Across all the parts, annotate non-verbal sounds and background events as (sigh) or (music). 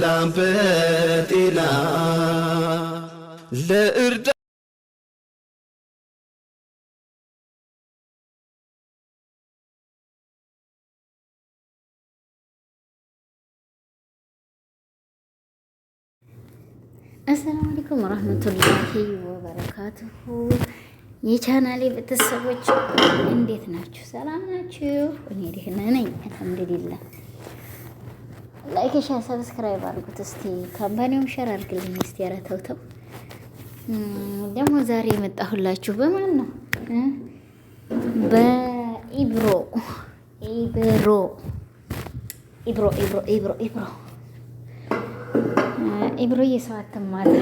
በሰላም በጤና ለእርዳ አሰላሙ አለይኩም ወራህመቱላሂ ወበረካቱሁ። የቻናሌ ቤተሰቦች እንዴት ናችሁ? ሰላም ናችሁ? እኔ ደህና ነኝ፣ አልሐምዱሊላህ። ላይክ ሻ ሰብስክራይብ አድርጉት እስቲ። ካምፓኒውም ሼር አድርግልኝ እስቲ። ኧረ ተው ተው። ደግሞ ዛሬ የመጣሁላችሁ በማን ነው? በኢብሮ ኢብሮ ኢብሮ ኢብሮ ኢብሮ ኢብሮ ኢብሮ ሰው አትማታ፣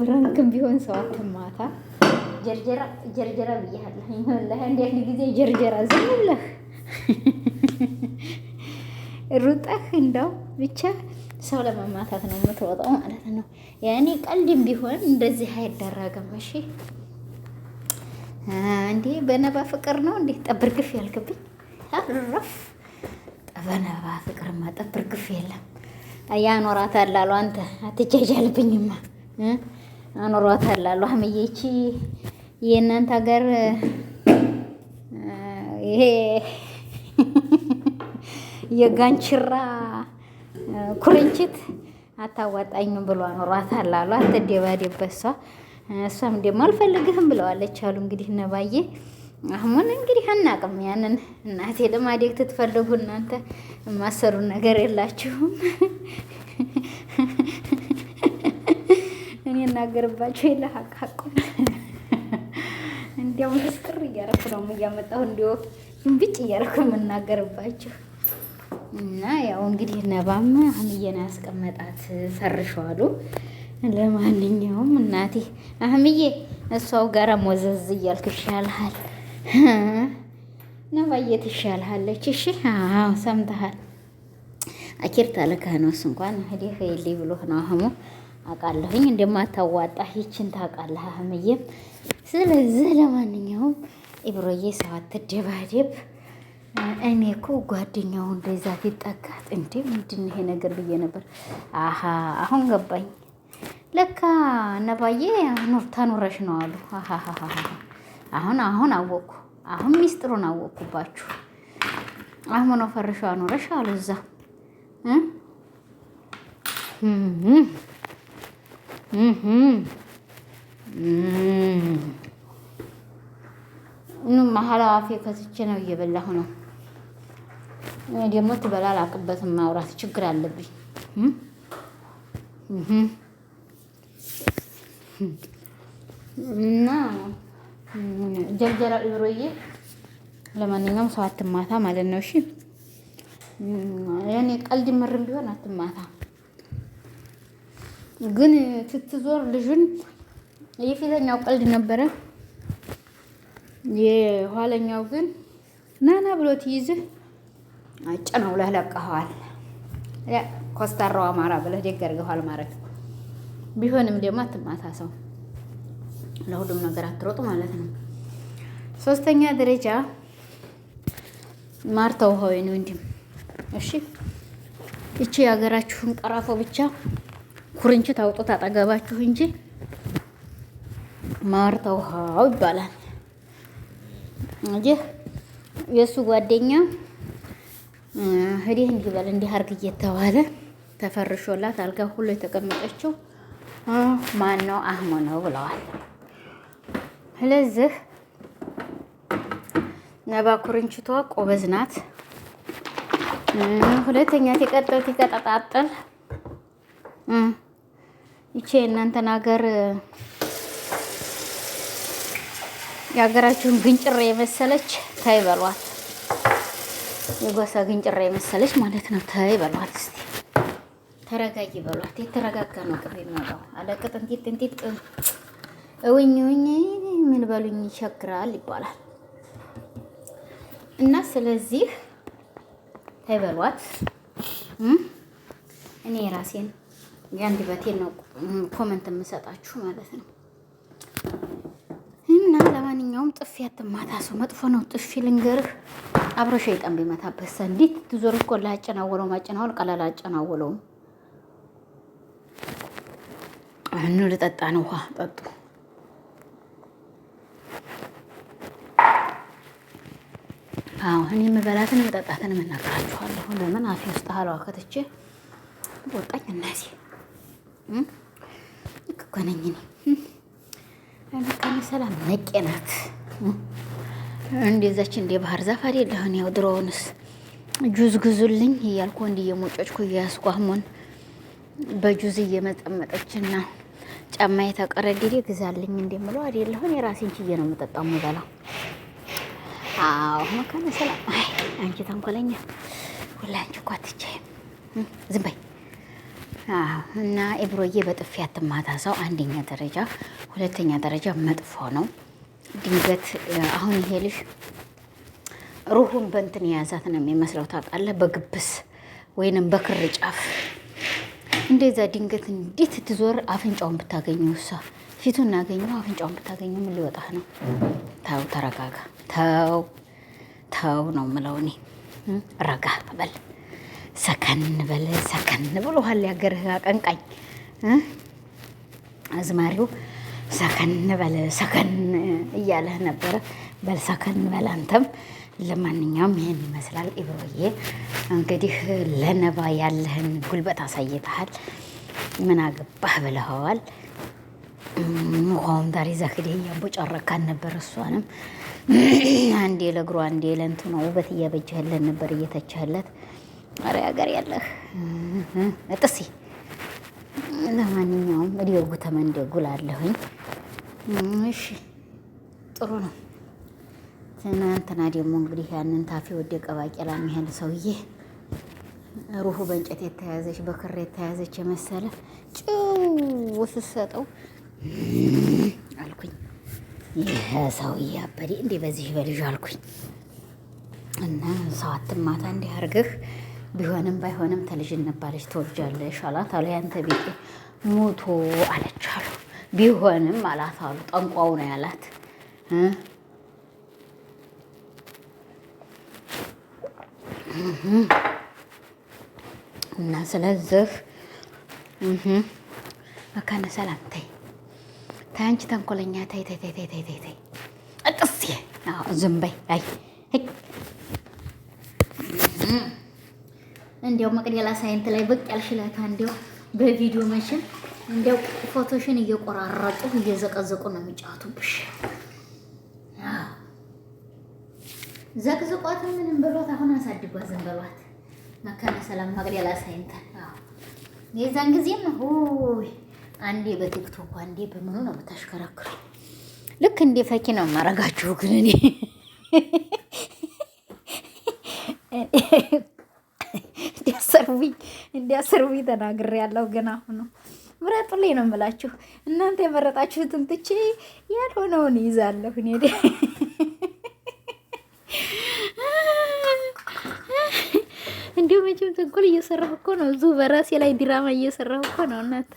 ብራንክም ቢሆን ሰው አትማታ። ጀርጀራ ጀርጀራ ብያለሁ። ይሁን ለህ እንዴት ጊዜ ጀርጀራ ዝም ብለህ ሩጠህ እንደው ብቻ ሰው ለመማታት ነው የምትወጣው ማለት ነው። ያኔ ቀልድም ቢሆን እንደዚህ አይደረግም። እሺ እንዴ በነባ ፍቅር ነው እንዴ ጠብር ግፍ ያልክብኝ? ረፍ በነባ ፍቅር ማ ጠብር ግፍ የለም። ያኖራታል አሉ። አንተ አትጃጃልብኝማ አኖሯታል አሉ። አህመዬቺ የእናንተ ሀገር ይሄ የጋንችራ ኩርንችት አታዋጣኝም ብሎ አኖሯታል አሉ። አትደባደብ በሷ እሷም ደግሞ አልፈልግህም ብለዋለች አሉ። እንግዲህ ነባዬ አሁን እንግዲህ አናቅም። ያንን እናቴ ለማደግ ትትፈልጉ እናንተ የማሰሩ ነገር የላችሁም። እኔ እናገርባቸው የለ ሀቅ ሀቁ እንዲያውም ክስቅር እያረኩ ነው እያመጣሁ እንዲሁ ብጭ እያረኩ የምናገርባችሁ እና ያው እንግዲህ ነባም አህምዬን ያስቀመጣት ፈርሸዋሉ። ለማንኛውም እናቴ አህምዬ እሷው ጋር ሞዘዝ እያልክ ይሻልሃል፣ ነባዬ ትሻልሃለች። እሺ አዎ ሰምተሃል። አኪር ታለካህ ነው እንኳን ህዲህ ሊ ብሎ ነው አህሙ አውቃለሁኝ እንደማታዋጣ ይችን ታውቃለህ አህምዬም። ስለዚህ ለማንኛውም ኢብሮዬ ሰው አትደባደብ። እኔ እኮ ጓደኛው እንደዛ ሲጠጋት እንዴ ምንድን ይሄ ነገር ብዬ ነበር። አሀ አሁን ገባኝ። ለካ ነባዬ ተኖረሽ ነው አሉ። አሁን አሁን አወቅኩ። አሁን ሚስጥሩን አወቅኩባችሁ። አሁን ፈርሾ አኖረሽ አሉ እዛ እ ምኑ መሀል አፌ ከስቼ ነው እየበላሁ ነው። እኔ ደግሞ ትበላ አላቅበትም። ማውራት ችግር አለብኝ። እና ጀልጀላ ኢብሮዬ፣ ለማንኛውም ሰው አትማታ ማለት ነው። እሺ ያኔ ቀልድ ምርም ቢሆን አትማታ፣ ግን ስትዞር ልጁን የፊተኛው ቀልድ ነበረ የኋለኛው ግን ናና ብሎት ይዝህ ጭነው ለህ ለቀኸዋል። ኮስታራው አማራ ብለህ ደግ አድርገኸዋል ማለት ነው። ቢሆንም ደግሞ አትማታ ሰው ለሁሉም ነገር አትሮጡ ማለት ነው። ሶስተኛ ደረጃ ማርታ ሆይ ነው እንዲም እሺ፣ እቺ የሀገራችሁን ቀራፎ ብቻ ኩርንችት አውጦት አጠገባችሁ እንጂ ማርታ ውሃው ይባላል። ይህ የእሱ ጓደኛ ህዲህ እንዲበል እንዲህ አርግ እየተባለ ተፈርሾላት አልጋ ሁሉ የተቀመጠችው ማን ነው? አህሙ ነው ብለዋል። ስለዚህ ነባ ኩርንችቷ ቆበዝ ናት። ሁለተኛ ተቀጠል ተቀጣጣጠል ይቼ እናንተን ሀገር የሀገራችሁን ግንጭሬ የመሰለች ታይ በሏት። የጓሳ ግንጭሬ የመሰለች ማለት ነው። ታይ በሏት እስቲ ተረጋጊ በሏት። የተረጋጋ ነው ቅቤ የሚወጣው። አለቅጥ እንጢጥ እንጢጥ እውኝ እውኝ ምን በሉኝ ይቸግራል ይባላል እና ስለዚህ ታይ በሏት። እኔ የራሴን የአንድ በቴን ነው ኮመንት የምሰጣችሁ ማለት ነው። እና ለማንኛውም ጥፊ አትማታ። ሰው መጥፎ ነው። ጥፊ ልንገርህ፣ አብሮ ሸይጣን ቢመታበት ሰ እንዴት ትዞር እኮ ላያጨናወለውም ማጨናወል ቀላል አጨናወለውም። አሁኑ ልጠጣ ነው። ውሃ ጠጡ። አዎ እኔ የምበላትን የምጠጣትን የምነግራችኋለሁ። ለምን አፌ ውስጥ ሀላዋ ከትቼ ወጣኝ። እናዚህ እኮ ነኝ እኔ አለቃኔ ሰላም ነቄ ናት። እንደዛች እንደ ባህር ዛፍ አይደለሁን? ያው ድሮውንስ ጁዝ ግዙልኝ እያልኩ እንዲ የሞጮች እያስቋሙን በጁዝ እየመጠመጠችና ጫማ የተቀረደደ ግዛልኝ እንደምለው አይደለሁን? የራሴን ችዬ ነው የምጠጣው የምበላው። አዎ መካነ ሰላም። አንቺ ተንኮለኛ ሁላ አንቺ እኮ አትቻይም። ዝም በይ እና ኤብሮዬ በጥፊ ያትማታ ሰው አንደኛ ደረጃ፣ ሁለተኛ ደረጃ መጥፎ ነው። ድንገት አሁን ይሄ ልጅ ሩሁን በእንትን የያዛት ነው የሚመስለው ታውቃለህ፣ በግብስ ወይንም በክር ጫፍ እንደዛ ድንገት እንዴት ትዞር። አፍንጫውን ብታገኘው እሷ ፊቱን እናገኘው፣ አፍንጫውን ብታገኘው ምን ሊወጣህ ነው? ተው ተረጋጋ። ተው ተው ነው ምለው እኔ ረጋ በል ሰከን በለ ሰከን ብሎሃል። ያገርህ አቀንቃኝ አዝማሪው ሰከን በለ ሰከን እያለህ ነበረ። በል ሰከን በለ አንተም። ለማንኛውም ይህን ይመስላል ኢብሮዬ። እንግዲህ ለነባ ያለህን ጉልበት አሳይተሃል። ምን አገባህ ብለኸዋል። ውሃውን ዛሬ ዘክዴ እያንቦጫረካን ነበር። እሷንም አንዴ ለእግሩ አንዴ ለእንትኗ ውበት እያበጀህለን ነበር እየተችህለት ኧረ ሀገር ያለህ እጥሲ። ለማንኛውም እዲወጉ ተመንደጉል አለሁኝ። እሺ ጥሩ ነው። ትናንትና ደግሞ እንግዲህ ያንን ታፊ ወደቀ ባቄላ የሚያህል ሰውዬ ሩሁ በእንጨት የተያዘች በክር የተያዘች የመሰለ ጭው ስሰጠው አልኩኝ፣ ይህ ሰውዬ አበዴ እንዴ በዚህ በልዥ አልኩኝ እና ሰዋትን ማታ እንዲህ አርገህ ቢሆንም ባይሆንም ተልጅን ነባለች ትወልጃለሽ አላት አለ ያንተ ቢጤ ሞቶ አለች አሉ ቢሆንም አላት አሉ ጠንቋው ነው ያላት እና ስለዚህ መካነ ሰላም ተይ ተይ አንቺ ተንኮለኛ ተይ ተይ ተይ ተይ ተይ ተይ አጥስዬ ዝም በይ አይ እንዲያው መቅደላ ሳይንት ላይ ብቅ ያልሽለታ እንዲያው በቪዲዮ መሽን እንዲያው ፎቶሽን እየቆራረጡ እየዘቀዘቁ ነው የሚጫወቱብሽ። ዘቅዝቋት ምንም ብሏት አሁን አሳድጓት ዝም ብሏት። መካነ ሰላም መቅደላ ሳይንት የዛን ጊዜም ሆይ አንዴ በቲክቶክ አንዴ በምኑ ነው የምታሽከረክሩ። ልክ እንደ ፈኪ ነው የማረጋችሁ ግን እኔ (laughs) አስርቢ ተናግሬ ያለው ግን አሁኑ ምረጡልኝ ነው የምላችሁ። እናንተ የመረጣችሁትን ትቼ ያልሆነውን ይዛለሁ እኔ እንዲሁ መቼም ተንኮል እየሰራሁ እኮ ነው። እዚሁ በራሴ ላይ ድራማ እየሰራሁ እኮ ነው እናት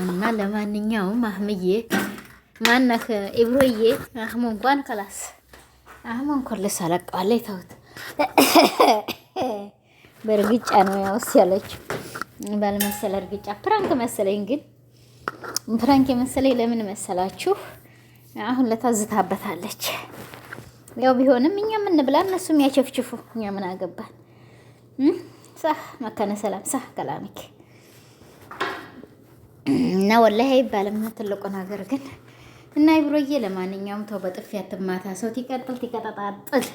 እና ለማንኛውም አህምዬ ማነህ ኢብሮዬ አህሙ እንኳን ከላስ አህሙ እንኳን ልስ አለቀዋለሁ ተውት። በእርግጫ ነው ያውስ ያለችው ባልመሰለ እርግጫ ፕራንክ መሰለኝ። ግን ፕራንክ የመሰለኝ ለምን መሰላችሁ? አሁን ለታዝታበታለች። ያው ቢሆንም እኛ ምን ብላ እነሱ ያቸፍችፉ እኛ ምን አገባን? ሳህ መካነ ሰላም ሳህ ከላሚክ እና ወላሂ አይባልም ትልቁ ነገር ግን እና ይብሮዬ ለማንኛውም ተው በጥፊ አትማታ። ሰው ቲቀጥል ቲቀጠጣጥል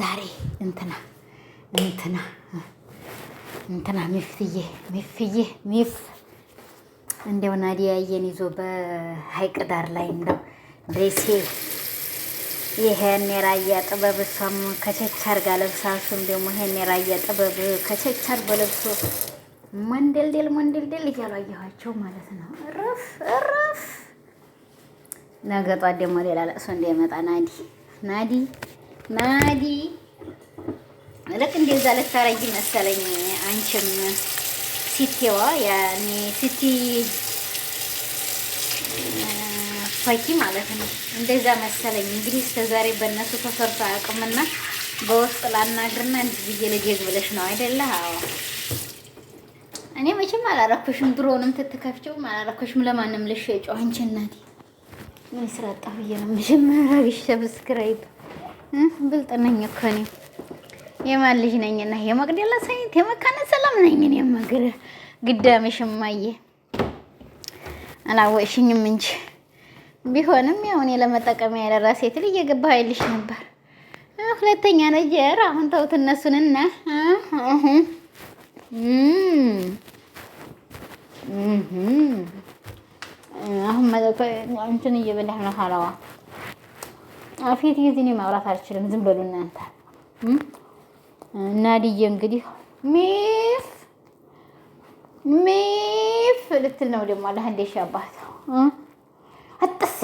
ዛሬ እንትና እንትና እንትና ሚፍትዬ ሚፍዬ ሚፍ እንደው ናዲያዬን ይዞ በሀይቅ ዳር ላይ እንደው ደሴ ይሄን የራያ ጥበብ እሷም ከቸቻር ጋር ለብሳ እሱም ደግሞ ይሄን የራያ ጥበብ ከቸቻር በለብሶ መንደልደል መንደልደል እያሉ አየኋቸው ማለት ነው። እረፍ እረፍ። ነገ ጧት ደግሞ ሌላ ለቅሶ እንዳይመጣ ናዲ ናዲ ናዲ ልክ እንደዛ ልታረጊ መሰለኝ አንቺም ሲቲዋ ያኔ ሲቲ ፈኪ ማለት ነው። እንደዛ መሰለኝ እንግዲህ እስከዛሬ በእነሱ ተሰርቶ አያውቅምና በውስጥ ላናግርና እንዲህ ብዬ ልጄግ ብለሽ ነው አይደለ? አዎ እኔ መቼም አላረኩሽም፣ ድሮውንም ትትከፍጪውም አላረኩሽም። ለማንም ልሸጩ አንቺ እናቴ ምን ስራ አጣሁ ብዬ ነው መጀመሪያ ብቻ ብስክራይብ ብልጥ እኮ እኔ የማን ልጅ ነኝና የመቅደላ ሳይንት የመካነ ሰላም ነኝ። እኔ መግር ግዳሜሽ እማዬ አላወቅሽኝም እንጂ ቢሆንም ያው እኔ ለመጠቀሚያ ለራሴ ትል እየገባ አይልሽ ነበር። ሁለተኛ ነጀር አሁን ተውት እነሱንና አሁን እንትን እየበላህ ነው ሀላዋ ፊት ጊዜ እኔ ማውራት አልችልም። ዝም በሉ እናንተ ናድዬ እንግዲህ ሚፍ ሚፍ ልትል ነው ደግሞ አለ እንዴሽ አባት አጥሴ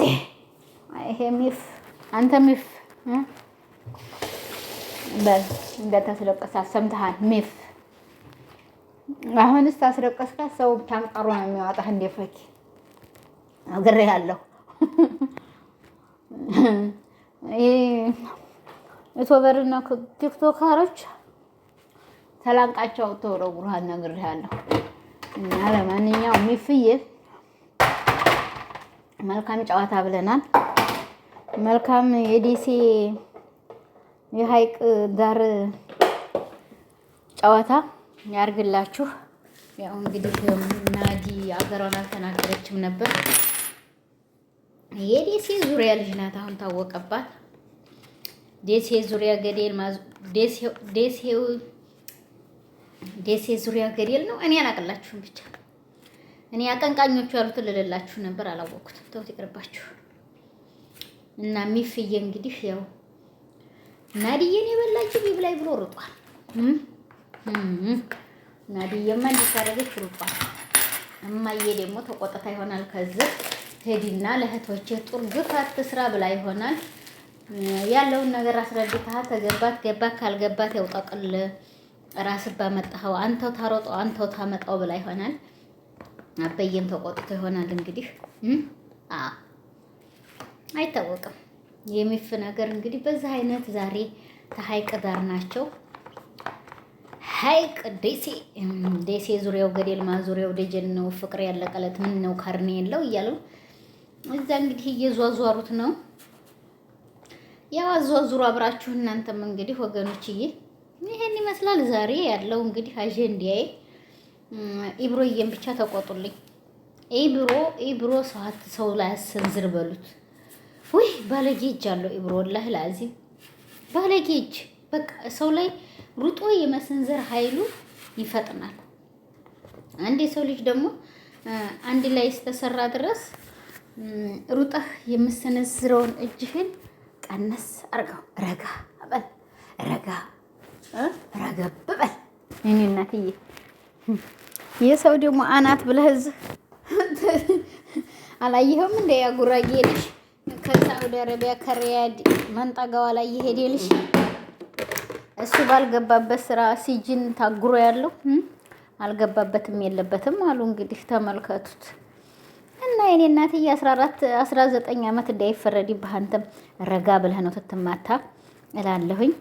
ይሄ ሚፍ አንተ ሚፍ በል እንደታስለቀሳት ሰምተሃል? ሚፍ አሁንስ ታስለቀስካት። ሰው ታንቀሩ ነው የሚያወጣህ። እንደ ፈኪ እግሬ ያለው ዩቱበርና ቲክቶከሮች ተላንቃቸው ተወረውሯል። ነግሬሃለሁ። እና ለማንኛውም ሚፍዬ መልካም ጨዋታ ብለናል። መልካም የደሴ የሀይቅ ዳር ጨዋታ ያርግላችሁ። ያው እንግዲህ ናዲ አገሯን አልተናገረችም ነበር። የደሴ ዙሪያ ልጅ ናት። አሁን ታወቀባት። ደሴ ዙሪያ ገደል ደሴ ደሴ ዙሪያ ገደል ነው። እኔ አላቅላችሁም ብቻ እኔ አቀንቃኞቹ ያሉትን ልልላችሁ ነበር፣ አላወቅኩትም። ተውት ይቅርባችሁ። እና ሚፍዬ እንግዲህ ያው ናድዬን የበላችሁ ቢብ ላይ ብሎ ርጧል። ናድዬማ እንዲታረገች ርጧል። እማዬ ደግሞ ተቆጥታ ይሆናል። ከዚህ ሄዲና ለእህቶቼ ጡር ግፋት ስራ ብላ ይሆናል ያለውን ነገር አስረድታ ተገባት ገባት ካልገባት ያውጣቅል ራስህ ባመጣኸው አንተው ታሮጠው አንተው ታመጣው ብላ ይሆናል። አበየም ተቆጥቶ ይሆናል እንግዲህ አይታወቅም። የሚፍ ነገር እንግዲህ በዚህ አይነት ዛሬ ተሀይቅ ዳር ናቸው። ሀይቅ ደሴ ደሴ ዙሪያው ገደልማ ዙሪያው ደጀን ነው ፍቅር ያለቀለት ምን ነው ካርኔ የለው እያሉ እዛ እንግዲህ እየዟዟሩት ነው ያው አዟዙሩ አብራችሁ እናንተም እንግዲህ ወገኖችዬ ይሄን ይመስላል ዛሬ ያለው እንግዲህ አጀንዳዬ። ኢብሮዬን ብቻ ተቆጡልኝ። ኢብሮ ኢብሮ ሰዓት ሰው ላይ አሰንዝር በሉት። ውይ ባለጌ እጅ አለው ኢብሮ ወላህ ላዚም ባለጌ እጅ። በቃ ሰው ላይ ሩጦ የመሰንዘር ኃይሉ ይፈጥናል። አንድ የሰው ልጅ ደግሞ አንድ ላይ ስተሰራ ድረስ ሩጠህ የምሰነዝረውን እጅህን ቀነስ አርገው ረጋ በል ረጋ ረገብ በል እኔ እናትዬ። የሰው ደግሞ አናት ብለህ እዚህ አላየኸውም እንደ ያ ጉራጌ ልጅ ከሳዑዲ አረቢያ ከሪያድ መንጠጋዋ ላይ የሄደ ልጅ እሱ ባልገባበት ስራ ሲጅን ታጉሮ ያለው አልገባበትም የለበትም አሉ። እንግዲህ ተመልከቱት እና የኔ እናትዬ 14 19 ዓመት እንዳይፈረድ ይባህንተም ረጋ ብለህ ነው ትትማታ እላለሁኝ።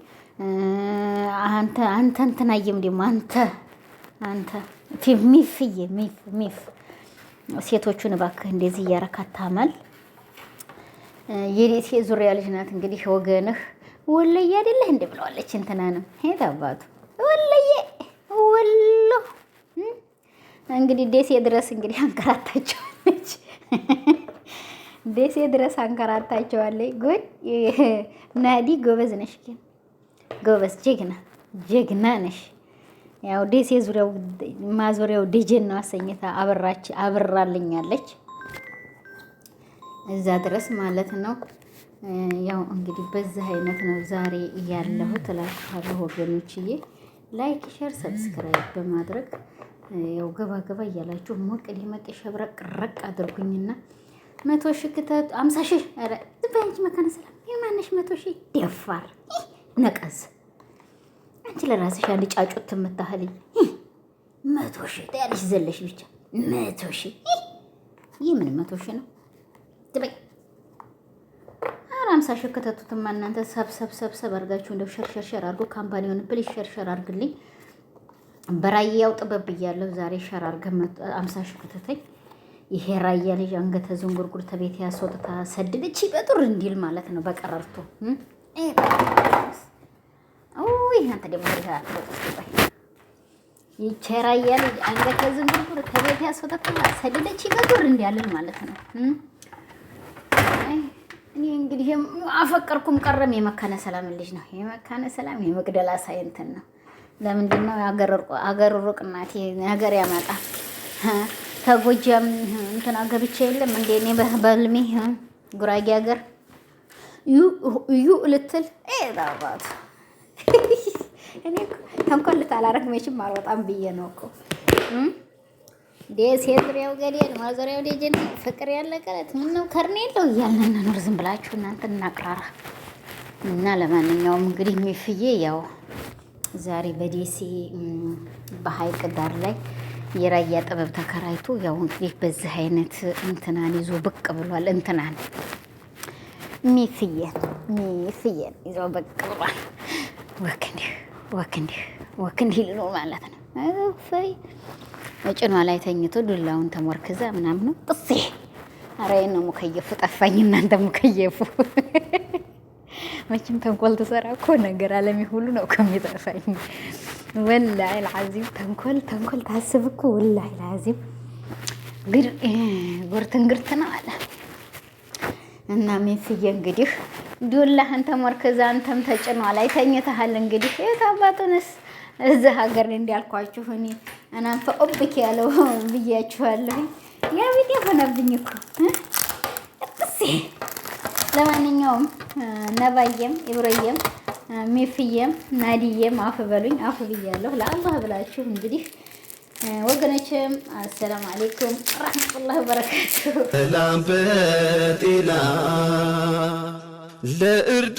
አንተ አንተ እንትናየም ደግሞ አንተ አንተ ሚፍዬ ሚፍ ሚፍ ሴቶቹን እባክህ እንደዚህ እያረካት ታመል የኔ ዙሪያ ልጅ ናት። እንግዲህ ወገንህ ወለየ አይደለህ እንደ ብለዋለች እንትናንም ሄት አባቱ ወለየ ወሎ እንግዲህ ደሴ ድረስ እንግዲህ አንከራታቸዋለች። ደሴ ድረስ አንከራታቸዋለች። ጉድ ናዲ ጎበዝ ነሽ ግን ጎበዝ፣ ጀግና ጀግና ነሽ። ያው ደሴ ዙሪያው ማዞሪያው ነው። አሰኝታ አበራች አብራልኛለች እዛ ድረስ ማለት ነው። ያው እንግዲህ በዚህ አይነት ነው ዛሬ ያለሁት እላችኋለሁ ወገኖችዬ። ላይክ፣ ሼር፣ ሰብስክራይብ በማድረግ ያው ገባ ገባ እያላችሁ ሞቅ ሊመቅ ሸብረቅ ረቅ አድርጉኝና መቶ ሺህ ክተት አምሳ ሺህ ኧረ ዝም በይ እንጂ መካነ ሰላም የማነሽ መቶ ሺህ ደፋር ነቀዝ አንቺ ለራስሽ አንድ ጫጩት የምታህል መቶ ሺህ ያለሽ ዘለሽ ብቻ መቶ ሺህ ይህ ምን መቶ ሺህ ነው? ትበይ አረ አምሳ ሺህ ከተቱትማ እናንተ ሰብሰብ ሰብሰብ አድርጋችሁ እንደው ሸርሸርሸር አድርጎ ካምፓኒውን ብል ሸርሸር አድርግልኝ። በራዬ ጥበብ ብያለሁ። ዛሬ ሸር አድርገህ አምሳ ሺህ ከተተኝ ይሄ ራያ ልጅ አንገተ ዝንጉርጉር ተቤት ያስወጥታ ሰድደች በጡር እንዲል ማለት ነው በቀረርቶ እናንተ ደግሞ ይቸራያል አንገት ዝንጉርጉር ከቤት ያስወጣትና ሰደደች ይገዱር እንዲያለን ማለት ነው። እኔ እንግዲህ አፈቀርኩም ቀረም የመካነ ሰላም ልጅ ነው። የመካነ ሰላም የመቅደላ ሳይንትን ነው። ለምንድን ነው አገር ሩቅ እናቴ ነገር ያመጣ ከጎጃም እንትን አገብቼ የለም እንደ እኔ በህልሜ ጉራጌ ሀገር እዩ ልትል ዛባት እኔ ተንኮል ልታላረግ መቼም አልወጣም ብዬ ነው እኮ ደስ የዝሪያው ማዘሪያው ደጀን ፍቅር ያለቀለት ምነው ከርኔ የለው እያልን እንኖር። ዝም ብላችሁ እናንተ እናቅራራ እና ለማንኛውም እንግዲህ ሚፍዬ ያው ዛሬ በደሴ በሀይቅ ዳር ላይ የራያ ጥበብ ተከራይቶ ያው እንግዲህ በዚህ አይነት እንትናን ይዞ ብቅ ብሏል። እንትናን ሚፍየን ሚፍየን ይዘው በቅሯ ወክ እንዲህ ወክ እንዲህ ማለት ነው። ፈይ ጭኗ ላይ ተኝቶ ዱላውን ተሞርክዛ ምናምን ጥሴ ነው። ሙከየፉ ጠፋኝ። እናንተ ሙከየፉ መቼም ተንኮል ትሰራ እኮ ነገር አለሚ ሁሉ ነው ወላሂ ተንኮል ተንኮል ታስብ እኮ ወላሂ ጉርትን ነው አለ እና ሜስዬ እንግዲህ ዱላህን ተሞርክዛ አንተም ተጭኗ ላይ ተኝተሃል። እንግዲህ የት እዚህ ሀገር እንዲያልኳችሁ እኔ እናንተ ኦብክ ያለው ብያችኋለሁ። ያ ቢጤ ሆነብኝ እኮ እጥሴ። ለማንኛውም ነባየም ኢብሮዬም ሚፍዬም ናዲየም አፍ በሉኝ፣ አፍ ብያለሁ። ለአላህ ብላችሁ እንግዲህ Eh, ወገኖችም አሰላም አሌይኩም ረህመቱላህ በረካቱ ላምበጤና ለእርዳ